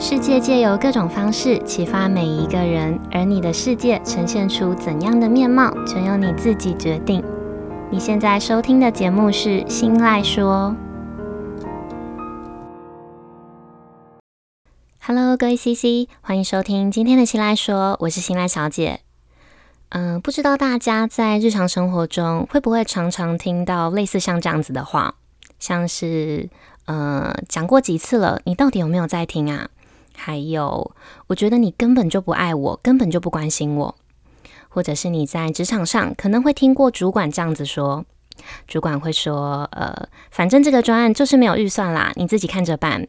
世界借由各種方式啟發每一個人，而你的世界呈現出怎樣的面貌，全由你自己決定。你現在收聽的節目是《心賴說》。Hello，各位 CC，歡迎收聽今天的《心賴說》，我是心賴小姐。嗯、呃，不知道大家在日常生活中會不會常常聽到類似像這樣子的話，像是呃講過幾次了，你到底有沒有在聽啊？還有，我覺得你根本就不愛我，根本就不關心我，或者是你在職場上可能會聽過主管這樣子說，主管會說，呃，反正這個專案就是沒有預算啦，你自己看着辦。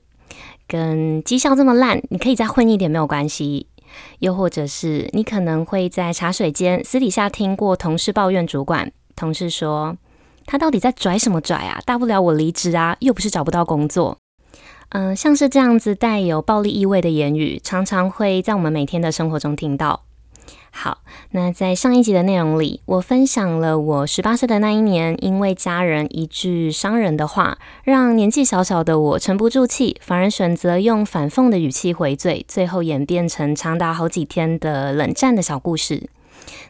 跟績效這麼爛，你可以再混一點沒有關係。又或者是你可能會在茶水間私底下聽過同事抱怨主管，同事說，他到底在拽什麼拽啊？大不了我離職啊，又不是找不到工作。嗯、呃，像是這樣子帶有暴力意味的言語，常常會在我們每天的生活中聽到。好，那在上一集的內容裡，我分享了我十八歲的那一年，因為家人一句傷人的話，讓年紀小小的我沉不住氣，反而選擇用反諷的語氣回嘴，最後演變成長達好幾天的冷戰的小故事。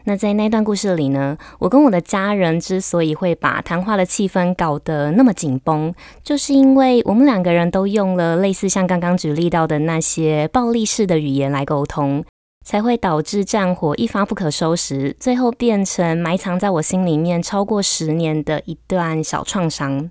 那在那段故事裡呢，我跟我的家人之所以會把談話的氣氛搞得那麼緊繃，就是因為我們兩個人都用了類似像剛剛舉例到的那些暴力式的語言來溝通，才會導致戰火一發不可收拾，最後變成埋藏在我心裡面超過十年的一段小創傷。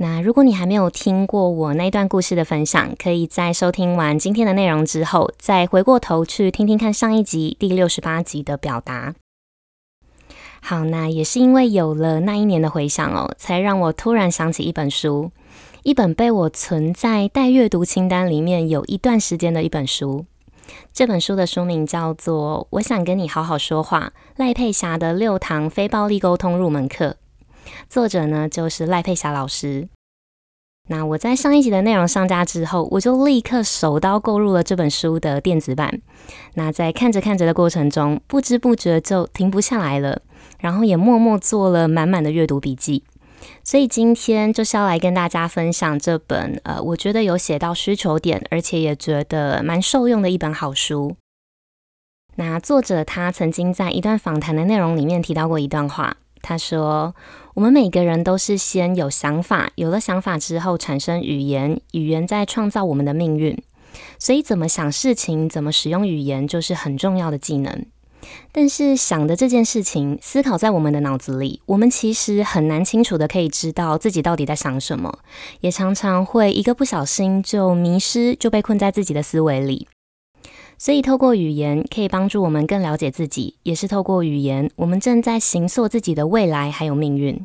那如果你還沒有聽過我那段故事的分享，可以在收聽完今天的內容之後，再回過頭去聽聽看上一集第六十八集的表達。好，那也是因為有了那一年的回想哦，才讓我突然想起一本書，一本被我存在待閱讀清單裡面有一段時間的一本書。這本書的書名叫做《我想跟你好好說話》，賴佩霞的六堂非暴力溝通入門課。作者呢，就是賴佩霞老師。那我在上一集的內容上架之後，我就立刻手刀購入了這本書的電子版。那在看着看着的過程中，不知不覺就停不下來了，然後也默默做了滿滿的閱讀筆記。所以今天就是要來跟大家分享這本呃，我覺得有寫到需求點，而且也覺得蠻受用的一本好書。那作者他曾經在一段訪談的內容裡面提到過一段話，他說，我們每個人都是先有想法，有了想法之後產生語言，語言在創造我們的命運。所以，怎麼想事情，怎麼使用語言，就是很重要的技能。但是，想的這件事情，思考在我們的腦子裡，我們其實很難清楚的可以知道自己到底在想什麼，也常常會一個不小心就迷失，就被困在自己的思維裡。所以，透過語言可以幫助我們更了解自己，也是透過語言，我們正在形塑自己的未來還有命運。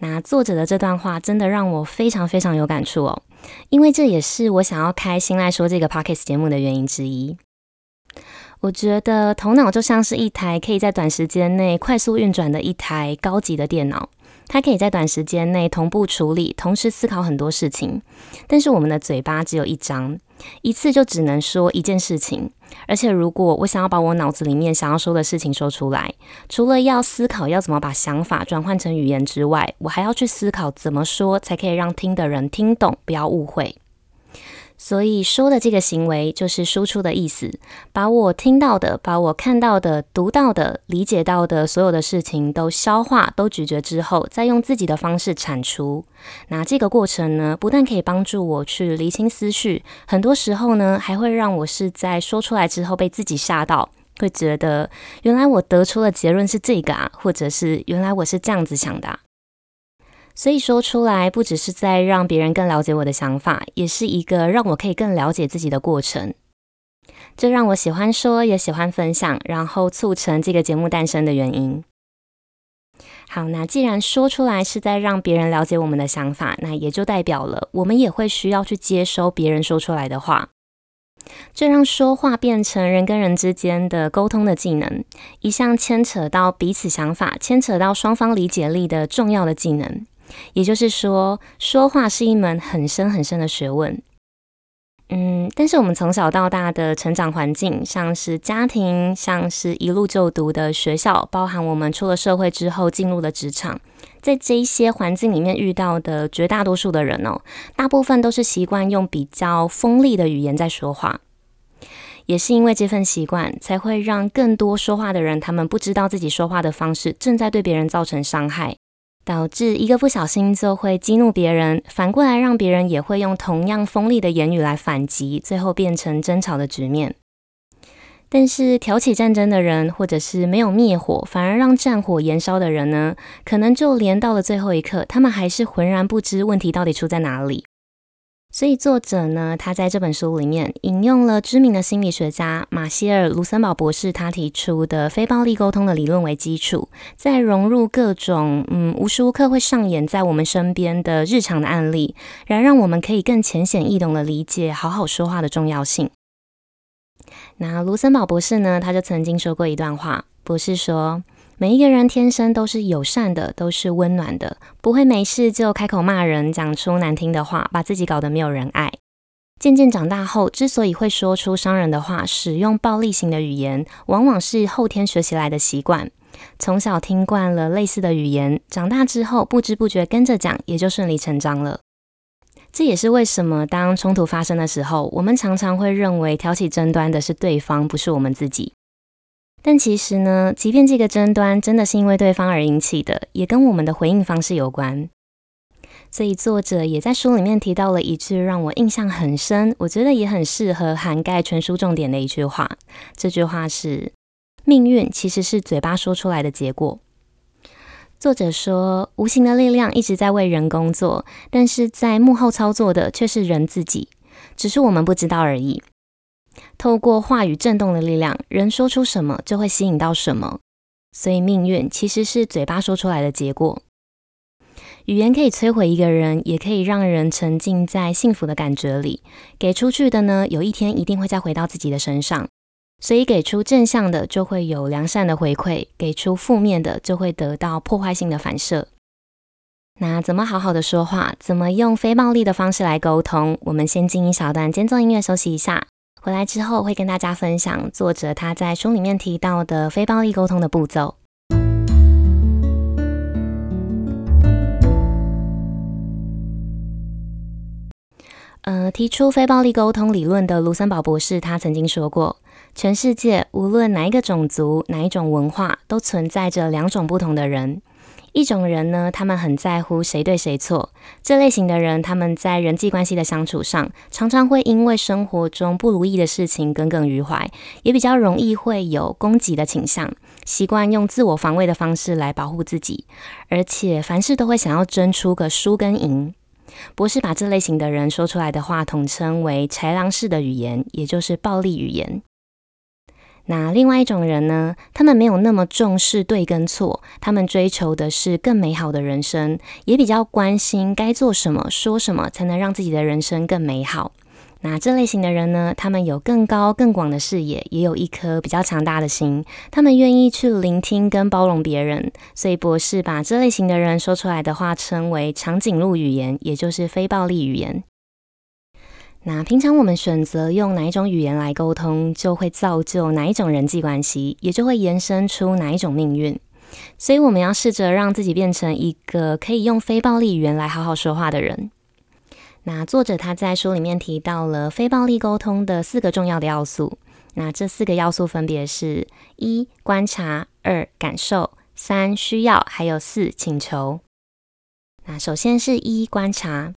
那作者的這段話真的讓我非常非常有感觸哦，因為這也是我想要開心來說這個 Podcast 節目的原因之一。我覺得頭腦就像是一台可以在短時間內快速運轉的一台高級的電腦。它可以在短時間內同步處理，同時思考很多事情。但是我們的嘴巴只有一張，一次就只能說一件事情。而且，如果我想要把我腦子裡面想要說的事情說出來，除了要思考要怎麼把想法轉換成語言之外，我還要去思考怎麼說才可以讓聽的人聽懂，不要誤會。所以說的這個行為就是輸出的意思，把我聽到的、把我看到的、讀到的、理解到的所有的事情都消化、都咀嚼之後，再用自己的方式鏟除。那這個過程呢，不但可以幫助我去理清思緒，很多時候呢，還會讓我是在說出來之後被自己嚇到，會覺得原來我得出的結論是這個啊，或者是原來我是這樣子想的啊。所以說出來，不只是在讓別人更了解我的想法，也是一個讓我可以更了解自己的過程。這讓我喜歡說，也喜歡分享，然後促成這個節目誕生的原因。好，那既然說出來是在讓別人了解我們的想法，那也就代表了我們也會需要去接收別人說出來的話，這讓說話變成人跟人之間的溝通的技能，一項牽扯到彼此想法、牽扯到雙方理解力的重要的技能。也就是說，說話是一門很深很深的學問。嗯，但是我們從小到大的成長環境，像是家庭，像是一路就讀的學校，包含我們出了社會之後進入了職場，在這一些環境裡面遇到的絕大多數的人哦，大部分都是習慣用比較鋒利的語言在說話。也是因為這份習慣，才會讓更多說話的人，他們不知道自己說話的方式，正在對別人造成傷害。導致一個不小心就會激怒別人，反過來讓別人也會用同樣鋒利的言語來反擊，最後變成爭吵的局面。但是挑起戰爭的人，或者是沒有滅火，反而讓戰火延燒的人呢？可能就連到了最後一刻，他們還是渾然不知問題到底出在哪裡。所以，作者呢，他在這本書裡面引用了知名的心理學家馬歇爾·盧森堡博士他提出的非暴力溝通的理論為基礎，再融入各種嗯無時無刻會上演在我們身邊的日常的案例，然而，讓我們可以更淺顯易懂地理解好好說話的重要性。那盧森堡博士呢，他就曾經說過一段話，博士說。每一個人天生都是友善的，都是溫暖的，不會沒事就開口罵人，講出難聽的話，把自己搞得沒有人愛。漸漸長大後，之所以會說出傷人的話，使用暴力型的語言，往往是後天學習來的習慣。從小聽慣了類似的語言，長大之後不知不覺跟着講，也就順理成章了。這也是為什麼當衝突發生的時候，我們常常會認為挑起爭端的是對方，不是我們自己。但其實呢，即便這個爭端真的是因為對方而引起的，也跟我們的回應方式有關。所以作者也在書裡面提到了一句讓我印象很深，我覺得也很適合涵蓋全書重點的一句話。這句話是：命運其實是嘴巴說出來的結果。作者說，無形的力量一直在為人工作，但是在幕後操作的卻是人自己，只是我們不知道而已。透過話語振動的力量，人說出什麼就會吸引到什麼，所以命運其實是嘴巴說出來的結果。語言可以摧毀一個人，也可以讓人沉浸在幸福的感覺裡。給出去的呢，有一天一定會再回到自己的身上。所以，給出正向的就會有良善的回饋，給出負面的就會得到破壞性的反射。那怎麼好好的說話？怎麼用非暴力的方式來溝通？我們先進一小段間奏音樂，休息一下。回來之後會跟大家分享作者他在書裡面提到的非暴力溝通的步驟，呃。提出非暴力溝通理論的盧森堡博士，他曾經說過，全世界無論哪一個種族、哪一種文化，都存在着兩種不同的人。一種人呢，他們很在乎誰對誰錯。這類型的人，他們在人際關係的相處上，常常會因為生活中不如意的事情耿耿於懷，也比較容易會有攻擊的傾向，習慣用自我防衛的方式來保護自己，而且凡事都會想要爭出個輸跟贏。博士把這類型的人說出來的話統稱為“豺狼式的語言”，也就是暴力語言。那另外一種人呢？他們沒有那麼重視對跟錯，他們追求的是更美好的人生，也比較關心該做什麼、說什麼才能讓自己的人生更美好。那這類型的人呢？他們有更高、更廣的視野，也有一顆比較強大的心，他們願意去聆聽跟包容別人。所以博士把這類型的人說出來的話稱為長頸鹿語言，也就是非暴力語言。那平常我們選擇用哪一種語言來溝通，就會造就哪一種人際關係，也就會延伸出哪一種命運。所以我們要試着讓自己變成一個可以用非暴力語言來好好說話的人。那作者他在書裡面提到了非暴力溝通的四個重要的要素，那這四個要素分別是：一、觀察；二、感受；三、需要；還有四、請求。那首先是一觀察。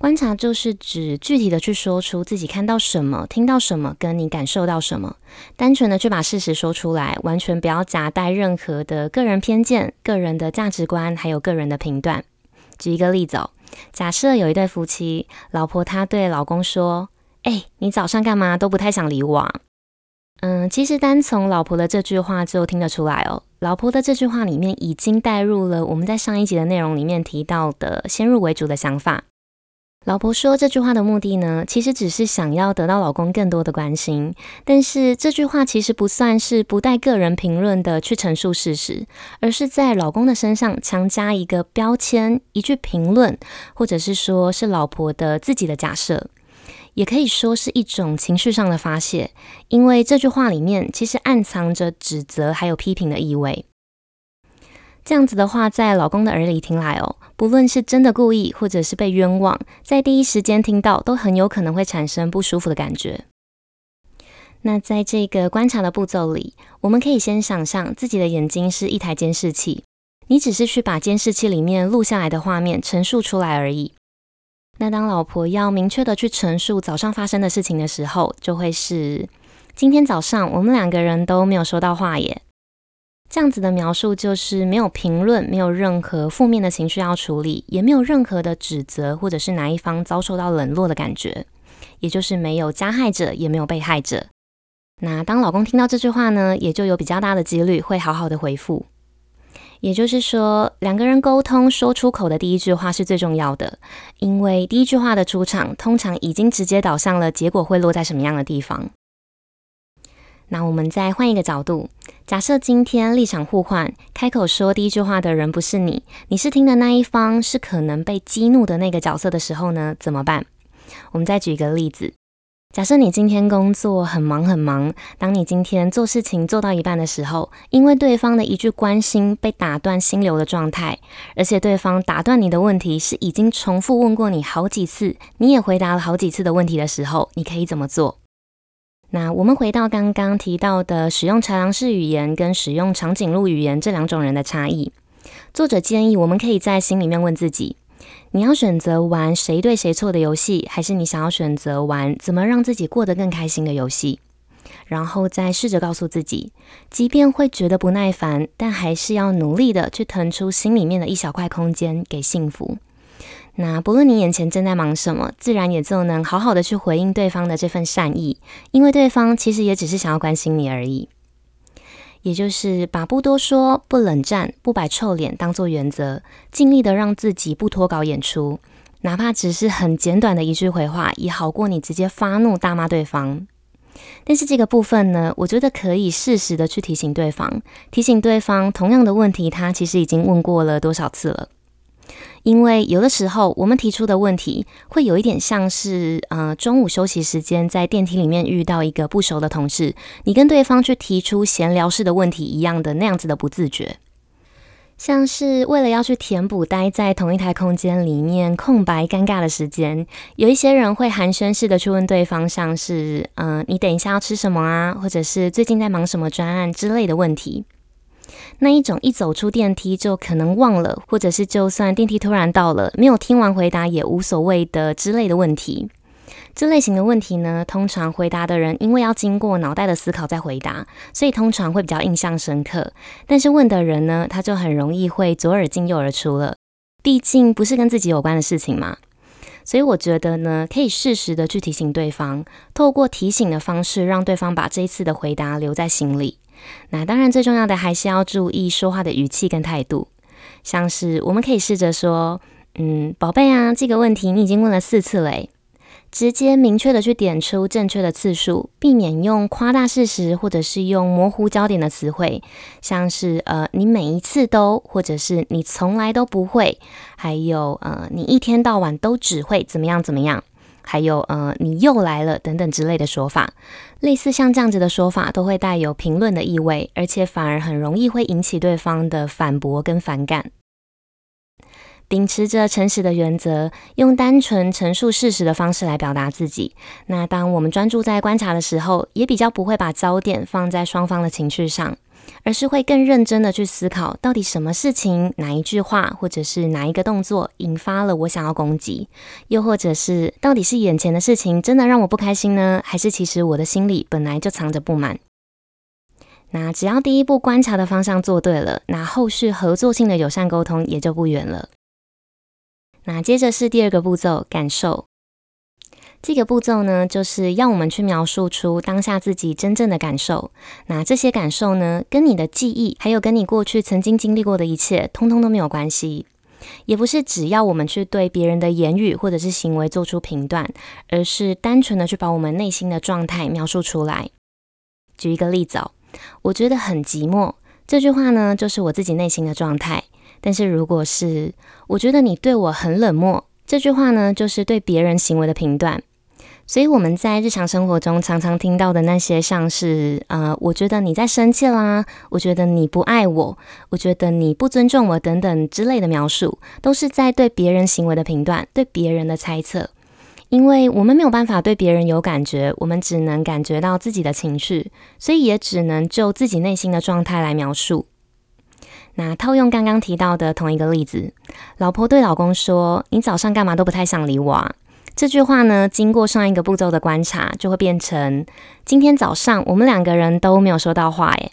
觀察就是指具體的去說出自己看到什麼、聽到什麼、跟你感受到什麼，單純的去把事實說出來，完全不要夾帶任何的個人偏見、個人的價值觀，還有個人的評斷。舉一個例子、哦，假設有一對夫妻，老婆她對老公說：“哎、欸，你早上幹嘛都不太想理我、啊。”嗯，其實單從老婆的這句話就聽得出來哦，老婆的這句話裡面已經帶入了我們在上一集的內容裡面提到的先入為主的想法。老婆說這句話的目的呢，其實只是想要得到老公更多的關心。但是這句話其實不算是不帶個人評論的去陳述事實，而是在老公的身上強加一個標籤、一句評論，或者是說是老婆的自己的假設，也可以說是一種情緒上的發洩。因為這句話裡面其實暗藏着指責還有批評的意味。這樣子的話，在老公的耳裡聽來哦。不論是真的故意，或者是被冤枉，在第一時間聽到，都很有可能會產生不舒服的感覺。那在這個觀察的步驟裡，我們可以先想象自己的眼睛是一台監視器，你只是去把監視器裡面錄下來的畫面陳述出來而已。那當老婆要明確的去陳述早上發生的事情的時候，就會是今天早上我們兩個人都沒有說到話耶。這樣子的描述就是沒有評論，沒有任何負面的情緒要處理，也沒有任何的指責，或者是哪一方遭受到冷落的感覺，也就是沒有加害者，也沒有被害者。那當老公聽到這句話呢，也就有比較大的幾率會好好的回覆。也就是說，兩個人溝通說出口的第一句話是最重要的，因為第一句話的出場，通常已經直接導向了結果會落在什麼樣的地方。那我們再換一個角度。假設今天立場互換，開口說第一句話的人不是你，你是聽的那一方，是可能被激怒的那個角色的時候呢？怎麼辦？我們再舉一個例子，假設你今天工作很忙很忙，當你今天做事情做到一半的時候，因為對方的一句關心被打斷心流的狀態，而且對方打斷你的問題是已經重複問過你好幾次，你也回答了好幾次的問題的時候，你可以怎麼做？那我們回到剛剛提到的使用豺狼式語言跟使用長頸鹿語言這兩種人的差異，作者建議我們可以在心裡面問自己：你要選擇玩誰對誰錯的遊戲，還是你想要選擇玩怎麼讓自己過得更開心的遊戲？然後再試着告訴自己，即便會覺得不耐煩，但還是要努力的去騰出心裡面的一小塊空間給幸福。那不論你眼前正在忙什麼，自然也就能好好的去回應對方的這份善意，因為對方其實也只是想要關心你而已。也就是把不多說、不冷戰、不擺臭臉當做原則，盡力的讓自己不脫稿演出，哪怕只是很簡短的一句回話，也好過你直接發怒大罵對方。但是這個部分呢，我覺得可以適時的去提醒對方，提醒對方同樣的問題，他其實已經問過了多少次了。因為有的時候，我們提出的問題會有一點像是，呃，中午休息時間在電梯裡面遇到一個不熟的同事，你跟對方去提出閒聊式的問題一樣的那樣子的不自覺，像是為了要去填補待在同一台空間裡面空白尷尬的時間，有一些人會寒暄式的去問對方，像是，呃，你等一下要吃什麼啊？或者是最近在忙什麼專案之類的問題。那一種一走出電梯就可能忘了，或者是就算電梯突然到了，沒有聽完回答也無所謂的之類的問題，這類型的問題呢，通常回答的人因為要經過腦袋的思考再回答，所以通常會比較印象深刻。但是問的人呢，他就很容易會左耳進右耳出了，畢竟不是跟自己有關的事情嘛。所以我覺得呢，可以適時的去提醒對方，透過提醒的方式讓對方把這一次的回答留在心裡。那當然，最重要的還是要注意說話的語氣跟態度。像是我們可以試着說，嗯，寶貝啊，這個問題你已經問了四次了，直接明確的去點出正確的次數，避免用誇大事實或者是用模糊焦點的詞彙，像是呃你每一次都，或者是你從來都不會，還有呃你一天到晚都只會怎麼樣怎麼樣。還有，呃，你又來了等等之類的說法，類似像這樣子的說法，都會帶有評論的意味，而且反而很容易會引起對方的反駁跟反感。秉持着誠實的原則，用單純陳述事實的方式來表達自己。那當我們專注在觀察的時候，也比較不會把焦點放在雙方的情緒上。而是會更認真的去思考，到底什麼事情、哪一句話，或者是哪一個動作，引發了我想要攻擊？又或者是到底是眼前的事情真的讓我不開心呢？還是其實我的心裡本來就藏着不滿？那只要第一步觀察的方向做對了，那後續合作性的友善溝通也就不遠了。那接着是第二個步驟，感受。這個步驟呢，就是要我們去描述出當下自己真正的感受。那這些感受呢，跟你的記憶，還有跟你過去曾經經歷過的一切，通通都沒有關係。也不是只要我們去對別人的言語或者是行為做出評斷，而是單純的去把我們內心的狀態描述出來。舉一個例子哦，我覺得很寂寞，這句話呢，就是我自己內心的狀態。但是如果是我覺得你對我很冷漠，這句話呢，就是對別人行為的評斷。所以我們在日常生活中常常聽到的那些像是，呃，我覺得你在生氣啦，啊，我覺得你不愛我，我覺得你不尊重我等等之類的描述，都是在對別人行為的評斷，對別人的猜測。因為我們沒有辦法對別人有感覺，我們只能感覺到自己的情緒，所以也只能就自己內心的狀態來描述。那套用剛剛提到的同一個例子，老婆對老公說：“你早上幹嘛都不太想理我啊？”這句話呢，經過上一個步驟的觀察，就會變成今天早上我們兩個人都沒有說到話誒。誒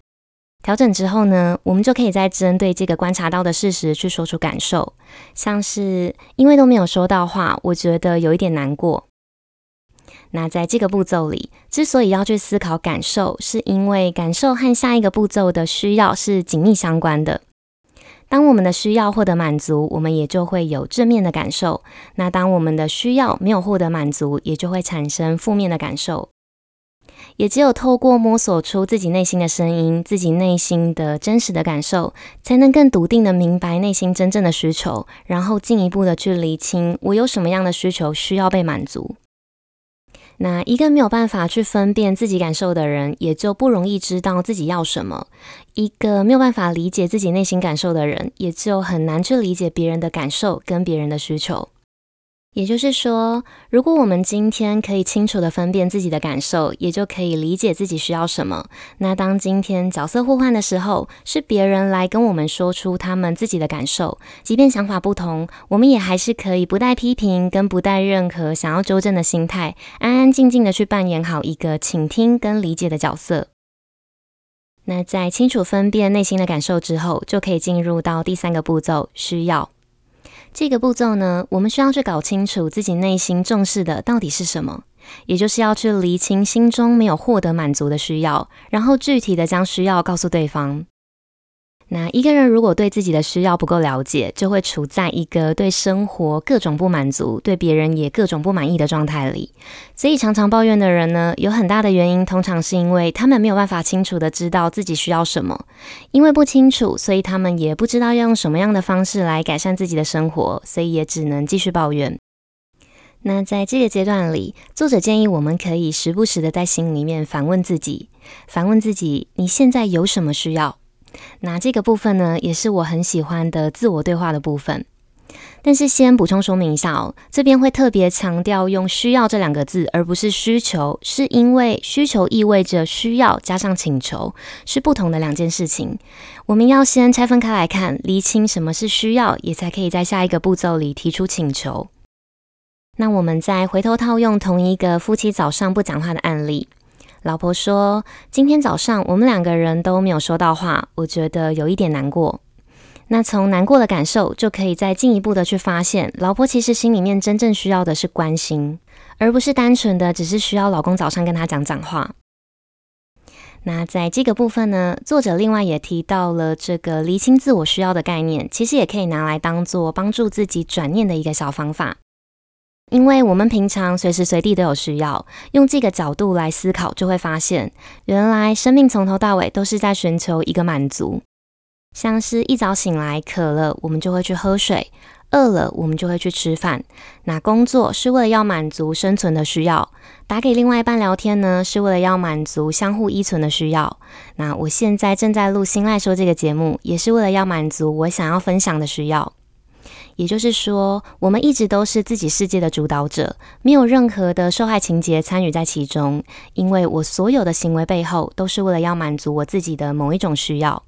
調整之後呢，我們就可以再針對這個觀察到的事實去說出感受，像是因為都沒有說到話，我覺得有一點難過。那在這個步驟裡，之所以要去思考感受，是因為感受和下一個步驟的需要是緊密相關的。當我們的需要獲得滿足，我們也就會有正面的感受；那當我們的需要沒有獲得滿足，也就會產生負面的感受。也只有透過摸索出自己內心的聲音，自己內心的真實的感受，才能更篤定的明白內心真正的需求，然後進一步的去釐清我有什麼樣的需求需要被滿足。那一個沒有辦法去分辨自己感受的人，也就不容易知道自己要什麼。一個沒有辦法理解自己內心感受的人，也就很難去理解別人的感受跟別人的需求。也就是說，如果我們今天可以清楚的分辨自己的感受，也就可以理解自己需要什麼。那當今天角色互換的時候，是別人來跟我們說出他們自己的感受，即便想法不同，我們也還是可以不帶批評，跟不帶任何想要糾正的心態，安安靜靜的去扮演好一個傾聽跟理解的角色。那在清楚分辨內心的感受之後，就可以進入到第三個步驟——需要。這個步驟呢，我們需要去搞清楚自己內心重視的到底是什麼，也就是要去釐清心中沒有獲得滿足的需要，然後具體的將需要告訴對方。那一個人如果對自己的需要不夠了解，就會處在一個對生活各種不滿足、對別人也各種不滿意的狀態裡。所以，常常抱怨的人呢，有很大的原因，通常是因為他們沒有辦法清楚的知道自己需要什麼。因為不清楚，所以他們也不知道要用什麼樣的方式來改善自己的生活，所以也只能繼續抱怨。那在這個階段裡，作者建議我們可以時不時的在心裡面反問自己：反問自己，你現在有什麼需要？那這個部分呢，也是我很喜歡的自我對話的部分。但是先補充說明一下哦，這邊會特別強調用“需要”這兩個字，而不是“需求”，是因為“需求”意味着“需要”加上“請求”是不同的兩件事情。我們要先拆分開來看，釐清什麼是需要，也才可以在下一個步驟裡提出請求。那我們再回頭套用同一個夫妻早上不講話的案例。老婆說：“今天早上我們兩個人都沒有說到話，我覺得有一點難過。那從難過的感受就可以再進一步的去發現，老婆其實心裡面真正需要的是關心，而不是單純的只是需要老公早上跟她講講話。”那在這個部分呢，作者另外也提到了這個釐清自我需要的概念，其實也可以拿來當做幫助自己轉念的一個小方法。因為我們平常隨時隨地都有需要，用這個角度來思考，就會發現，原來生命從頭到尾都是在尋求一個滿足。像是一早醒來渴了，我們就會去喝水；餓了，我們就會去吃飯。那工作是為了要滿足生存的需要，打給另外一半聊天呢，是為了要滿足相互依存的需要。那我現在正在錄《心賴說》這個節目，也是為了要滿足我想要分享的需要。也就是說，我們一直都是自己世界的主導者，沒有任何的受害情節參與在其中。因為我所有的行為背後，都是為了要滿足我自己的某一種需要。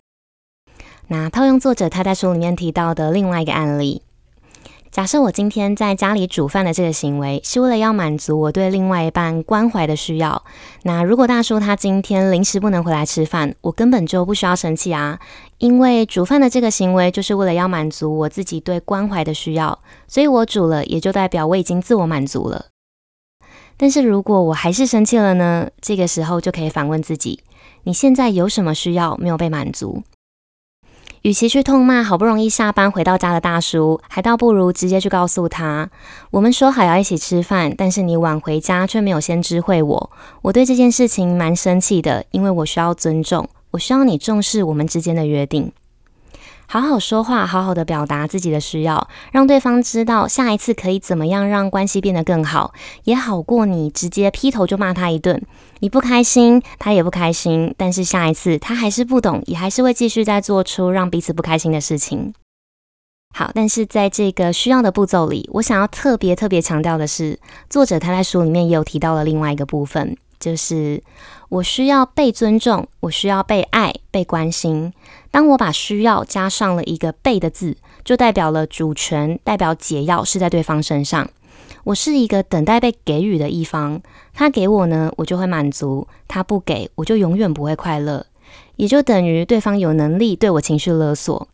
那套用作者他在書裡面提到的另外一個案例。假設我今天在家裡煮飯的這個行為，是為了要滿足我對另外一半關懷的需要。那如果大叔他今天臨時不能回來吃飯，我根本就不需要生氣啊，因為煮飯的這個行為就是為了要滿足我自己對關懷的需要，所以我煮了也就代表我已經自我滿足了。但是如果我還是生氣了呢？這個時候就可以反問自己：你現在有什麼需要沒有被滿足？與其去痛罵好不容易下班回到家的大叔，還倒不如直接去告訴他：我們說好要一起吃飯，但是你晚回家卻沒有先知會我，我對這件事情蠻生氣的，因為我需要尊重，我需要你重視我們之間的約定。好好說話，好好的表達自己的需要，讓對方知道下一次可以怎麼樣讓關係變得更好，也好過你直接劈頭就罵他一頓。你不開心，他也不開心，但是下一次他還是不懂，也還是會繼續再做出讓彼此不開心的事情。好，但是在這個需要的步驟裡，我想要特別特別強調的是，作者他在書裡面也有提到了另外一個部分。就是我需要被尊重，我需要被愛、被關心。當我把需要加上了一個“被”的字，就代表了主權，代表解藥是在對方身上。我是一個等待被給予的一方，他給我呢，我就會滿足；他不給，我就永遠不會快樂。也就等於對方有能力對我情緒勒索。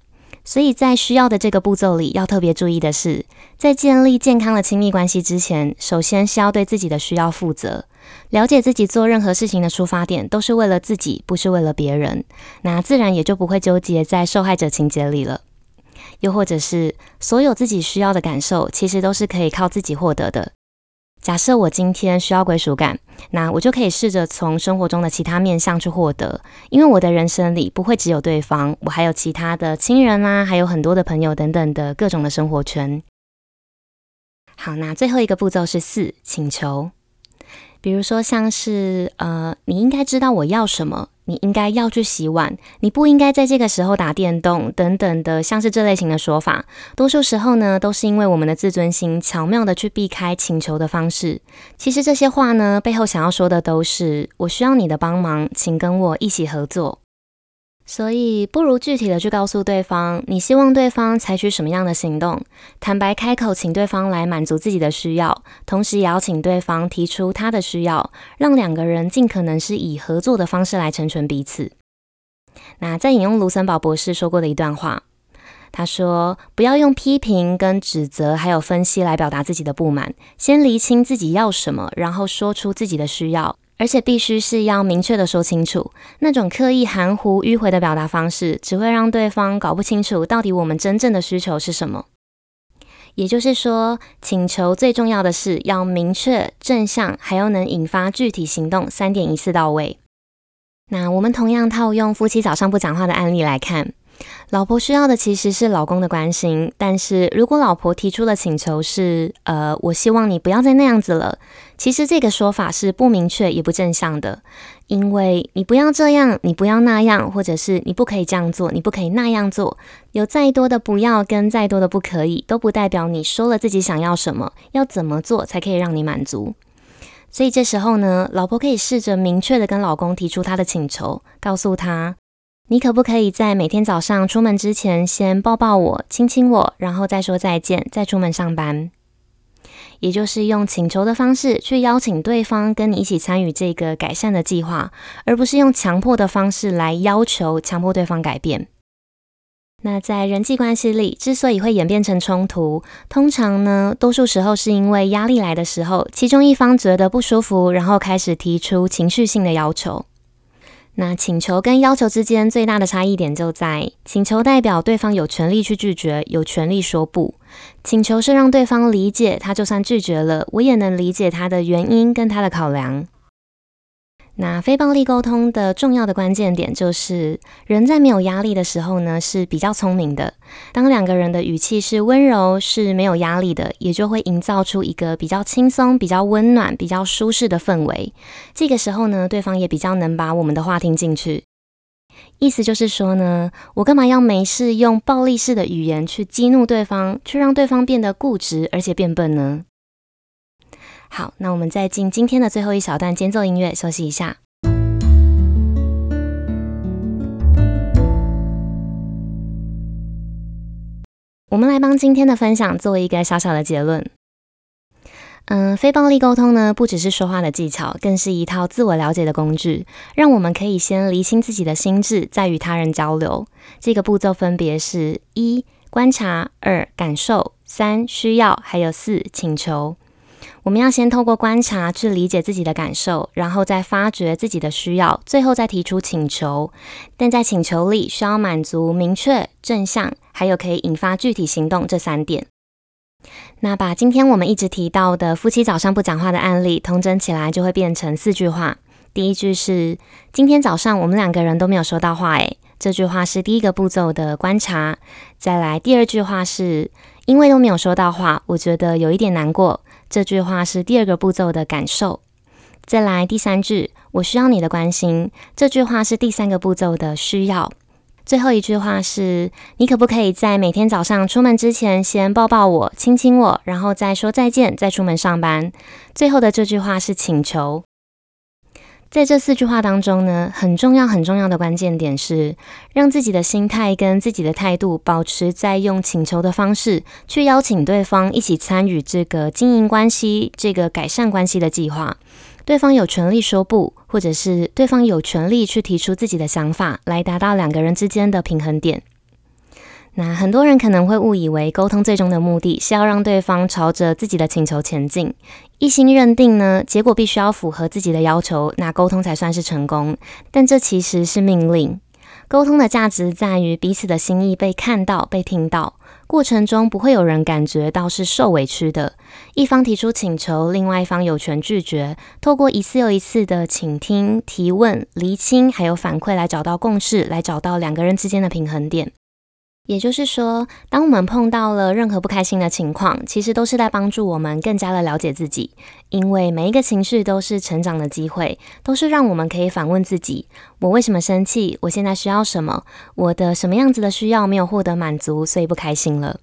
所以在需要的這個步驟裡，要特別注意的是，在建立健康的親密關係之前，首先是要對自己的需要負責。了解自己做任何事情的出發點都是為了自己，不是為了別人，那自然也就不會糾結在受害者情節裡了。又或者是所有自己需要的感受，其實都是可以靠自己獲得的。假設我今天需要歸屬感，那我就可以試着從生活中的其他面向去獲得，因為我的人生裡不會只有對方，我還有其他的親人啦、啊，還有很多的朋友等等的各種的生活圈。好，那最後一個步驟是四請求。比如說，像是呃，你應該知道我要什麼，你應該要去洗碗，你不應該在這個時候打電動等等的，像是這類型的說法，多數時候呢，都是因為我們的自尊心巧妙的去避開請求的方式。其實這些話呢，背後想要說的都是，我需要你的幫忙，請跟我一起合作。所以，不如具體的去告訴對方，你希望對方採取什麼樣的行動。坦白開口，請對方來滿足自己的需要，同時邀請對方提出他的需要，讓兩個人尽可能是以合作的方式來成全彼此。那再引用盧森堡博士說過的一段話，他說：“不要用批評、跟指責，還有分析來表達自己的不滿，先釐清自己要什麼，然後說出自己的需要。”而且必須是要明確的說清楚，那種刻意含糊迂回的表達方式，只會讓對方搞不清楚到底我們真正的需求是什麼。也就是說，請求最重要的是要明確、正向，還要能引發具體行動，三點一次到位。那我們同樣套用夫妻早上不講話的案例來看。老婆需要的其實是老公的關心，但是如果老婆提出的請求是，呃，我希望你不要再那樣子了，其實這個說法是不明確也不正向的，因為你不要這樣，你不要那樣，或者是你不可以這樣做，你不可以那樣做，有再多的不要跟再多的不可以，都不代表你說了自己想要什麼，要怎麼做才可以讓你滿足。所以這時候呢，老婆可以試着明確的跟老公提出她的請求，告訴他。你可不可以在每天早上出門之前，先抱抱我、親親我，然後再說再見，再出門上班？也就是用請求的方式去邀請對方跟你一起參與這個改善的計劃，而不是用強迫的方式來要求強迫對方改變。那在人際關係裡，之所以會演變成衝突，通常呢，多數時候是因為壓力來的時候，其中一方覺得不舒服，然後開始提出情緒性的要求。那請求跟要求之間最大的差異點就在，請求代表對方有權利去拒絕，有權利說不。請求是讓對方理解，他就算拒絕了，我也能理解他的原因跟他的考量。那非暴力溝通的重要的關鍵點就是，人在沒有壓力的時候呢是比較聰明的。當兩個人的語氣是溫柔，是沒有壓力的，也就會營造出一個比較輕鬆、比較溫暖、比較舒適的氛圍。這個時候呢，對方也比較能把我們的話聽進去。意思就是說呢，我幹嘛要沒事用暴力式的語言去激怒對方，去讓對方變得固執，而且變笨呢？好，那我們再進今天的最後一小段間奏音樂，休息一下。 我們來幫今天的分享做一個小小的結論。嗯、呃，非暴力溝通呢，不只是說話的技巧，更是一套自我了解的工具，讓我們可以先理清自己的心智，再與他人交流。這個步驟分別是：一、觀察；二、感受；三、需要；還有四、請求。我們要先透過觀察去理解自己的感受，然後再發掘自己的需要，最後再提出請求。但在請求裡需要滿足明確、正向，還有可以引發具體行動這三點。那把今天我們一直提到的夫妻早上不講話的案例統整起來，就會變成四句話。第一句是：今天早上我們兩個人都沒有說到話。誒，這句話是第一個步驟的觀察。再來，第二句話是：因為都沒有說到話，我覺得有一點難過。這句話是第二個步驟的感受，再來第三句，我需要你的關心。這句話是第三個步驟的需要。最後一句話是，你可不可以在每天早上出門之前先抱抱我，親親我，然後再說再見，再出門上班。最後的這句話是請求。在這四句話當中呢，很重要、很重要的關鍵點是，讓自己的心態跟自己的態度保持在用請求的方式去邀請對方一起參與這個經營關係、這個改善關係的計劃。對方有權利說不，或者是對方有權利去提出自己的想法，來達到兩個人之間的平衡點。那很多人可能會誤以為溝通最終的目的是要讓對方朝着自己的請求前進，一心認定呢，結果必須要符合自己的要求，那溝通才算是成功。但這其實是命令。溝通的價值在於彼此的心意被看到、被聽到，過程中不會有人感覺到是受委屈的。一方提出請求，另外一方有權拒絕。透過一次又一次的傾聽、提問、釐清，還有反饋來找到共識，來找到兩個人之間的平衡點。也就是說，當我們碰到了任何不開心的情況，其實都是在幫助我們更加的了解自己，因為每一個情緒都是成長的機會，都是讓我們可以反問自己：我為什麼生氣？我現在需要什麼？我的什麼樣子的需要沒有獲得滿足，所以不開心了。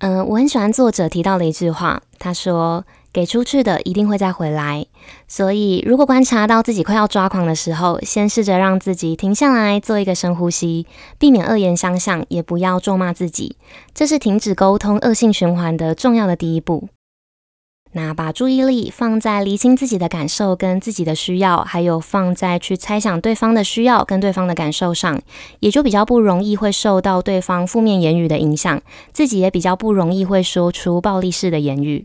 嗯、呃，我很喜歡作者提到的一句話，他說。給出去的一定會再回來，所以如果觀察到自己快要抓狂的時候，先試着讓自己停下來，做一個深呼吸，避免惡言相向，也不要咒罵自己。這是停止溝通惡性循環的重要的第一步。那把注意力放在理清自己的感受跟自己的需要，還有放在去猜想對方的需要跟對方的感受上，也就比較不容易會受到對方負面言語的影響，自己也比較不容易會說出暴力式的言語。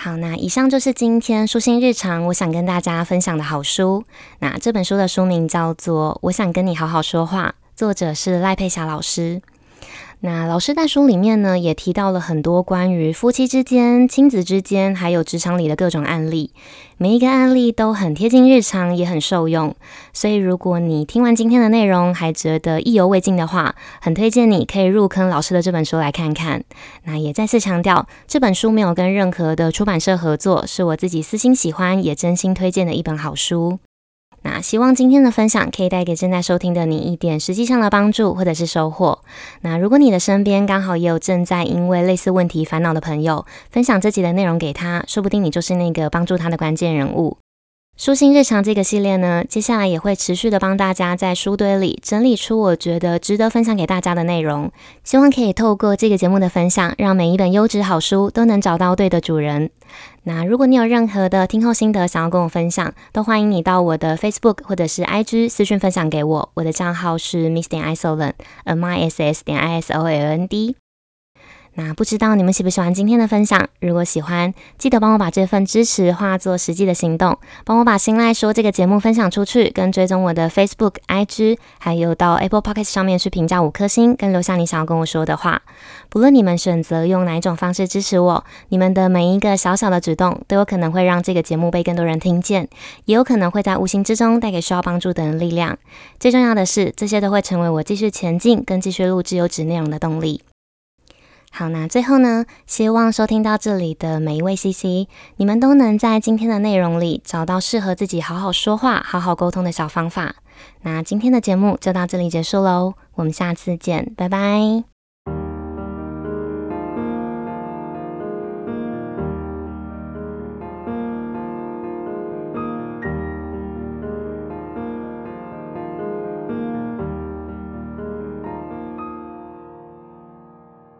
好，那以上就是今天書心日常我想跟大家分享的好書。那這本書的書名叫做《我想跟你好好說話》，作者是賴佩霞老師。那老師在書裡面呢，也提到了很多關於夫妻之間、親子之間，還有職場裡的各種案例。每一個案例都很貼近日常，也很受用。所以，如果你聽完今天的內容還覺得意猶未盡的話，很推薦你可以入坑老師的這本書來看看。那也再次強調，這本書沒有跟任何的出版社合作，是我自己私心喜歡，也真心推薦的一本好書。那希望今天的分享可以帶給正在收聽的你一點實際上的幫助或者是收穫。那如果你的身邊剛好也有正在因為類似問題煩惱的朋友，分享這集的內容給他，說不定你就是那個幫助他的關鍵人物。書心日常這個系列呢，接下來也會持續的幫大家在書堆裡整理出我覺得值得分享給大家的內容。希望可以透過這個節目的分享，讓每一本優質好書都能找到對的主人。那如果你有任何的聽後心得想要跟我分享，都歡迎你到我的 Facebook 或者是 IG 私訊分享給我。我的賬號是 miss.isoland，M I S S 點 I S O L A N D。那不知道你們喜不喜歡今天的分享？如果喜歡，記得幫我把這份支持化作實際的行動，幫我把心賴說這個節目分享出去，跟追蹤我的 Facebook、IG，還有到 Apple Podcast 上面去評價五顆星，跟留下你想要跟我說的話。不論你們選擇用哪一種方式支持我，你們的每一個小小的舉動都有可能會讓這個節目被更多人聽見，也有可能會在無形之中帶給需要幫助的人力量。最重要的是，這些都會成為我繼續前進跟繼續錄製優質內容的動力。好，那最後呢，希望收聽到這裡的每一位 CC，你們都能在今天的內容裡找到適合自己好好說話、好好溝通的小方法。那今天的節目就到這裡結束嘍，我們下次見，拜拜。